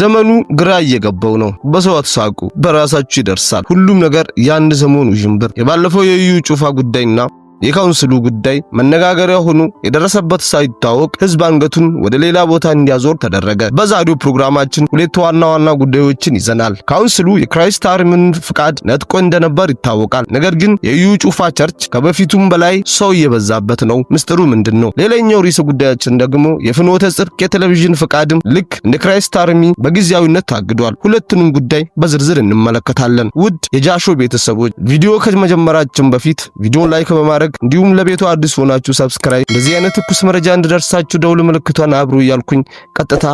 ዘመኑ ግራ እየገባው ነው። በሰው አትሳቁ፣ በራሳችሁ ይደርሳል። ሁሉም ነገር የአንድ ሰሞኑ ውዥንብር የባለፈው የዩ ጩፋ ጉዳይና የካውንስሉ ጉዳይ መነጋገሪያ ሆኖ የደረሰበት ሳይታወቅ ህዝብ አንገቱን ወደ ሌላ ቦታ እንዲያዞር ተደረገ። በዛሬው ፕሮግራማችን ሁለት ዋና ዋና ጉዳዮችን ይዘናል። ካውንስሉ የክራይስት አርምን ፍቃድ ነጥቆ እንደነበር ይታወቃል። ነገር ግን የዩ ጩፋ ቸርች ከበፊቱም በላይ ሰው እየበዛበት ነው። ምስጢሩ ምንድን ነው? ሌላኛው ርዕሰ ጉዳያችን ደግሞ የፍኖተ ጽድቅ የቴሌቪዥን ፍቃድም ልክ እንደ ክራይስት አርሚ በጊዜያዊነት ታግዷል። ሁለቱንም ጉዳይ በዝርዝር እንመለከታለን። ውድ የጃሾ ቤተሰቦች ቪዲዮ ከመጀመራችን በፊት ቪዲዮን ላይክ በማድረግ በማድረግ እንዲሁም ለቤቱ አዲስ ሆናችሁ ሰብስክራይብ፣ እንደዚህ አይነት ትኩስ መረጃ እንድደርሳችሁ ደውል ምልክቷን አብሩ እያልኩኝ ቀጥታ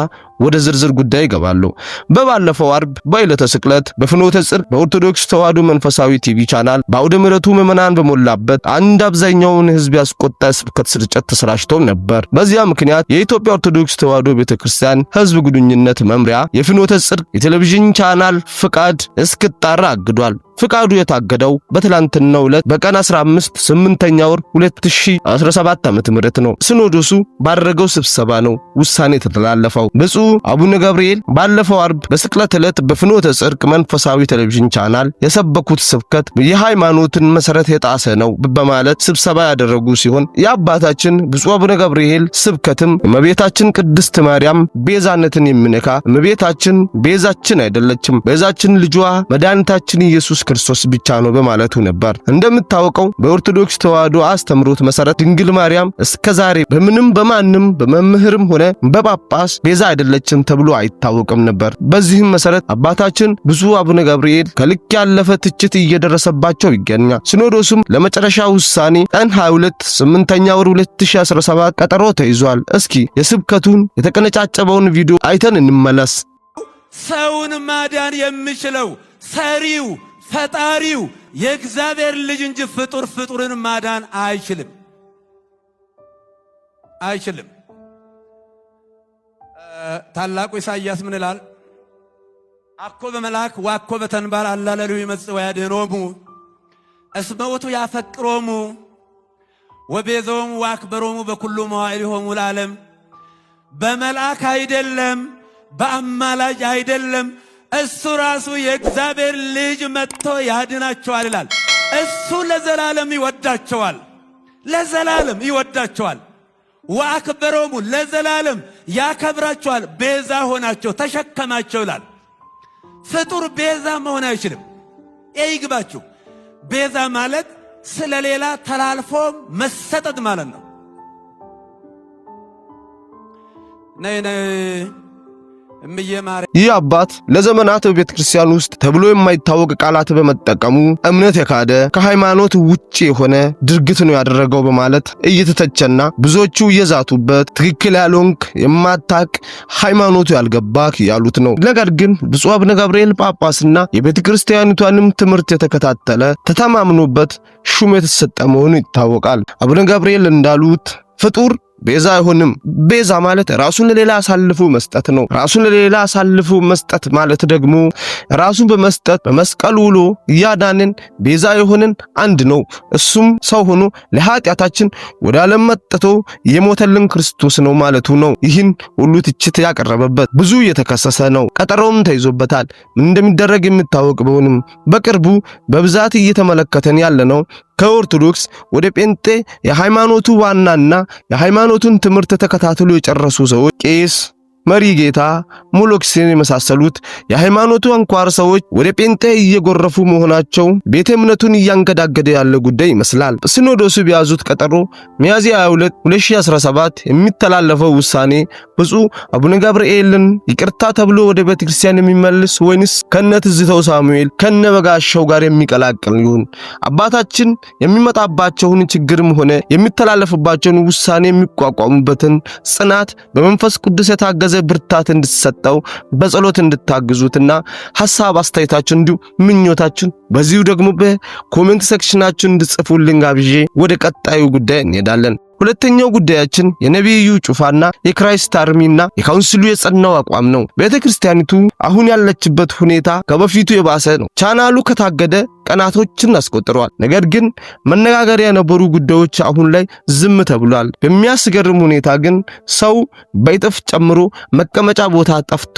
ወደ ዝርዝር ጉዳይ ይገባሉ። በባለፈው አርብ በዕለተ ስቅለት በፍኖተ ጽድቅ በኦርቶዶክስ ተዋሕዶ መንፈሳዊ ቲቪ ቻናል በአውደ ምሕረቱ ምዕመናን በሞላበት አንድ አብዛኛውን ሕዝብ ያስቆጣ ስብከት ስርጭት ተሰራጭቶም ነበር። በዚያ ምክንያት የኢትዮጵያ ኦርቶዶክስ ተዋሕዶ ቤተክርስቲያን ሕዝብ ግንኙነት መምሪያ የፍኖተ ጽድቅ የቴሌቪዥን ቻናል ፍቃድ እስክጣራ አግዷል። ፍቃዱ የታገደው በትላንትናው ዕለት በቀን 15 8 ወር 2017 ዓ.ም ነው። ሲኖዶሱ ባደረገው ስብሰባ ነው ውሳኔ የተተላለፈው። ብፁዕ አቡነ ገብርኤል ባለፈው አርብ በስቅለት ዕለት በፍኖተ ጽድቅ መንፈሳዊ ቴሌቪዥን ቻናል የሰበኩት ስብከት የሃይማኖትን መሰረት የጣሰ ነው በማለት ስብሰባ ያደረጉ ሲሆን የአባታችን ብፁዕ አቡነ ገብርኤል ስብከትም እመቤታችን ቅድስት ማርያም ቤዛነትን የሚነካ እመቤታችን ቤዛችን አይደለችም፣ ቤዛችን ልጇ መድኃኒታችን ኢየሱስ ክርስቶስ ብቻ ነው በማለቱ ነበር። እንደምታውቀው በኦርቶዶክስ ተዋሕዶ አስተምሮት መሰረት ድንግል ማርያም እስከዛሬ በምንም በማንም በመምህርም ሆነ በጳጳስ ቤዛ አይደለችም አይደለችም ተብሎ አይታወቅም ነበር። በዚህም መሰረት አባታችን ብፁዕ አቡነ ገብርኤል ከልክ ያለፈ ትችት እየደረሰባቸው ይገኛል። ሲኖዶሱም ለመጨረሻ ውሳኔ ቀን 22 8ኛ ወር 2017 ቀጠሮ ተይዟል። እስኪ የስብከቱን የተቀነጫጨበውን ቪዲዮ አይተን እንመለስ። ሰውን ማዳን የሚችለው ሰሪው ፈጣሪው የእግዚአብሔር ልጅ እንጂ ፍጡር ፍጡርን ማዳን አይችልም አይችልም። ታላቁ ኢሳይያስ ምን ይላል? አኮ በመልአክ ዋኮ በተንባር አላለሉ ይመጽእ ወያድኅኖሙ እስመ ውእቱ ያፈቅሮሙ ወቤዞሙ ወአክበሮሙ በኩሉ መዋዕሊሆሙ ለዓለም። በመልአክ አይደለም፣ በአማላጅ አይደለም፣ እሱ ራሱ የእግዚአብሔር ልጅ መጥቶ ያድናቸዋል ይላል። እሱ ለዘላለም ይወዳቸዋል፣ ለዘላለም ይወዳቸዋል። ወአክበሮሙ ለዘላለም ያከብራቸዋል። ቤዛ ሆናቸው ተሸከማቸው ይላል። ፍጡር ቤዛ መሆን አይችልም። ይግባችሁ። ቤዛ ማለት ስለሌላ ተላልፎ መሰጠት ማለት ነው። ነይ ነይ ይህ አባት ለዘመናት በቤተ ክርስቲያን ውስጥ ተብሎ የማይታወቅ ቃላት በመጠቀሙ እምነት የካደ ከሃይማኖት ውጭ የሆነ ድርግት ነው ያደረገው በማለት እየተተቸና ብዙዎቹ እየዛቱበት ትክክል ያልሆንክ የማታቅ ሃይማኖቱ ያልገባክ ያሉት ነው። ነገር ግን ብፁዕ አቡነ ገብርኤል ጳጳስና የቤተ ክርስቲያኒቷንም ትምህርት የተከታተለ ተተማምኖበት ሹም የተሰጠ መሆኑ ይታወቃል። አቡነ ገብርኤል እንዳሉት ፍጡር ቤዛ አይሆንም። ቤዛ ማለት ራሱን ለሌላ አሳልፎ መስጠት ነው። ራሱን ለሌላ አሳልፎ መስጠት ማለት ደግሞ ራሱን በመስጠት በመስቀል ውሎ እያዳንን ቤዛ የሆንን አንድ ነው። እሱም ሰው ሆኖ ለኃጢአታችን ወደ ዓለም መጥቶ የሞተልን ክርስቶስ ነው ማለቱ ነው። ይህን ሁሉ ትችት ያቀረበበት ብዙ የተከሰሰ ነው። ቀጠሮም ተይዞበታል። እንደሚደረግ የሚታወቅ ቢሆንም በቅርቡ በብዛት እየተመለከተን ያለ ነው ከኦርቶዶክስ ወደ ጴንጤ የሃይማኖቱ ዋናና የሃይማኖቱን ትምህርት ተከታትሎ የጨረሱ ሰዎች ቄስ መሪ ጌታ ሞሎክስን የመሳሰሉት የሃይማኖቱ አንኳር ሰዎች ወደ ጴንጤ እየጎረፉ መሆናቸው ቤተ እምነቱን እያንገዳገደ ያለ ጉዳይ ይመስላል። ሲኖዶሱ በያዙት ቀጠሮ ሚያዝያ 22 2017 የሚተላለፈው ውሳኔ ብፁዕ አቡነ ገብርኤልን ይቅርታ ተብሎ ወደ ቤተ ክርስቲያን የሚመልስ ወይንስ ከነ ትዝተው ሳሙኤል ከነ በጋሻው ጋር የሚቀላቅል ይሁን? አባታችን የሚመጣባቸውን ችግርም ሆነ የሚተላለፍባቸውን ውሳኔ የሚቋቋሙበትን ጽናት በመንፈስ ቅዱስ የታገ። በተያዘ ብርታት እንድትሰጠው በጸሎት እንድታግዙትና ሐሳብ አስተያየታችሁ እንዲሁ ምኞታችን በዚሁ ደግሞ በኮሜንት ሴክሽናችሁ እንድጽፉልን ጋብዤ ወደ ቀጣዩ ጉዳይ እንሄዳለን። ሁለተኛው ጉዳያችን የነቢዩ ጩፋና የክራይስት አርሚና የካውንስሉ የጸናው አቋም ነው። ቤተ ክርስቲያኒቱ አሁን ያለችበት ሁኔታ ከበፊቱ የባሰ ነው። ቻናሉ ከታገደ ቀናቶችን አስቆጥሯል። ነገር ግን መነጋገሪያ የነበሩ ጉዳዮች አሁን ላይ ዝም ተብሏል። በሚያስገርም ሁኔታ ግን ሰው በይጥፍ ጨምሮ መቀመጫ ቦታ ጠፍቶ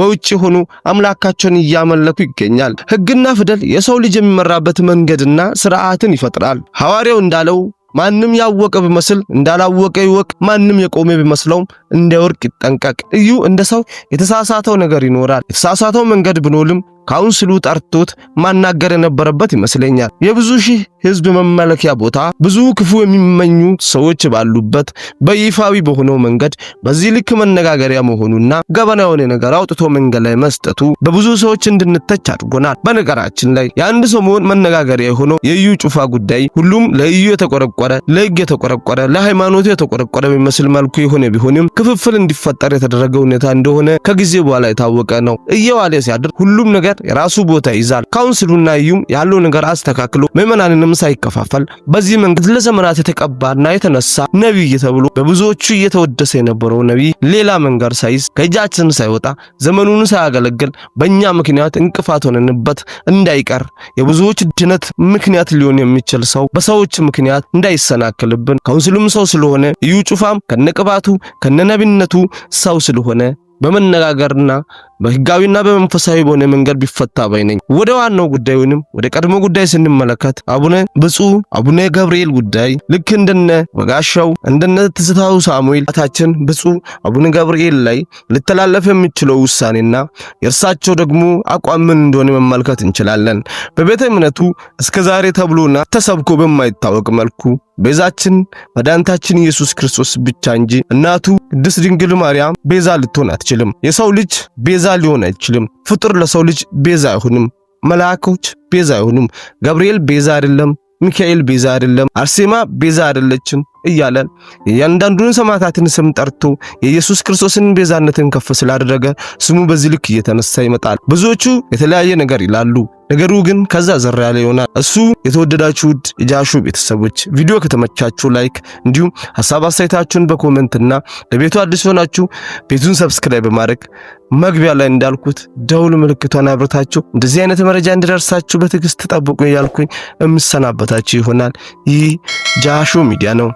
በውጭ ሆኖ አምላካቸውን እያመለኩ ይገኛል። ሕግና ፊደል የሰው ልጅ የሚመራበት መንገድና ስርዓትን ይፈጥራል። ሐዋርያው እንዳለው ማንም ያወቀ ቢመስል እንዳላወቀ ይወቅ። ማንም የቆመ ቢመስለውም እንደ ወርቅ ይጠንቀቅ። እዩ እንደ ሰው የተሳሳተው ነገር ይኖራል። የተሳሳተው መንገድ ብኖልም ካውንስሉ ጠርቶት ማናገር የነበረበት ይመስለኛል። የብዙ ሺህ ህዝብ መመለኪያ ቦታ፣ ብዙ ክፉ የሚመኙ ሰዎች ባሉበት በይፋዊ በሆነው መንገድ በዚህ ልክ መነጋገሪያ መሆኑና ገበና የሆነ ነገር አውጥቶ መንገድ ላይ መስጠቱ በብዙ ሰዎች እንድንተች አድርጎናል። በነገራችን ላይ የአንድ ሰሞን መነጋገሪያ የሆነው የዩ ጩፋ ጉዳይ ሁሉም ለዩ የተቆረቆረ ለህግ የተቆረቆረ ለሃይማኖቱ የተቆረቆረ በሚመስል መልኩ የሆነ ቢሆንም ክፍፍል እንዲፈጠር የተደረገ ሁኔታ እንደሆነ ከጊዜ በኋላ የታወቀ ነው። እየዋለ ሲያድር ሁሉም ነገር ነገር የራሱ ቦታ ይዛል። ካውንስሉና ዩም ያለው ነገር አስተካክሎ ምዕመናንንም ሳይከፋፈል በዚህ መንገድ ለዘመናት የተቀባና የተነሳ ነቢይ ተብሎ በብዙዎቹ እየተወደሰ የነበረው ነቢይ ሌላ መንገድ ሳይዝ ከእጃችን ሳይወጣ ዘመኑን ሳያገለግል በእኛ ምክንያት እንቅፋት ሆነንበት እንዳይቀር የብዙዎች ድነት ምክንያት ሊሆን የሚችል ሰው በሰዎች ምክንያት እንዳይሰናክልብን ካውንስሉም ሰው ስለሆነ እዩ ጩፋም ከነቅባቱ ከነነቢነቱ ሰው ስለሆነ በመነጋገርና በህጋዊና በመንፈሳዊ በሆነ መንገድ ቢፈታ ባይ ነኝ። ወደ ዋናው ጉዳይ ወይንም ወደ ቀድሞ ጉዳይ ስንመለከት አቡነ ብፁ አቡነ ገብርኤል ጉዳይ ልክ እንደነ በጋሻው እንደነ ትዝታው ሳሙኤል አታችን ብፁ አቡነ ገብርኤል ላይ ሊተላለፍ የሚችለው ውሳኔና የእርሳቸው ደግሞ አቋም ምን እንደሆነ መመልከት እንችላለን። በቤተ እምነቱ እስከዛሬ ተብሎና ተሰብኮ በማይታወቅ መልኩ ቤዛችን መድኃኒታችን ኢየሱስ ክርስቶስ ብቻ እንጂ እናቱ ቅድስት ድንግል ማርያም ቤዛ ልትሆን አትችልም። የሰው ልጅ ቤዛ ሊሆን አይችልም። ፍጡር ለሰው ልጅ ቤዛ አይሆንም። መላእክት ቤዛ አይሆኑም። ገብርኤል ቤዛ አይደለም። ሚካኤል ቤዛ አይደለም። አርሴማ ቤዛ አይደለችም እያለ የእያንዳንዱን ሰማዕታትን ስም ጠርቶ የኢየሱስ ክርስቶስን ቤዛነትን ከፍ ስላደረገ ስሙ በዚህ ልክ እየተነሳ ይመጣል። ብዙዎቹ የተለያየ ነገር ይላሉ። ነገሩ ግን ከዛ ዘር ያለ ይሆናል። እሱ የተወደዳችሁ ውድ የጃሾ ቤተሰቦች ቪዲዮ ከተመቻችሁ ላይክ፣ እንዲሁም ሀሳብ አስተያየታችሁን በኮመንትና ለቤቱ አዲስ ሆናችሁ ቤቱን ሰብስክራይብ በማድረግ መግቢያ ላይ እንዳልኩት ደውል ምልክቷን አብርታችሁ እንደዚህ አይነት መረጃ እንዲደርሳችሁ በትዕግስት ተጠብቁ እያልኩኝ የምሰናበታችሁ ይሆናል። ይህ ጃሾ ሚዲያ ነው።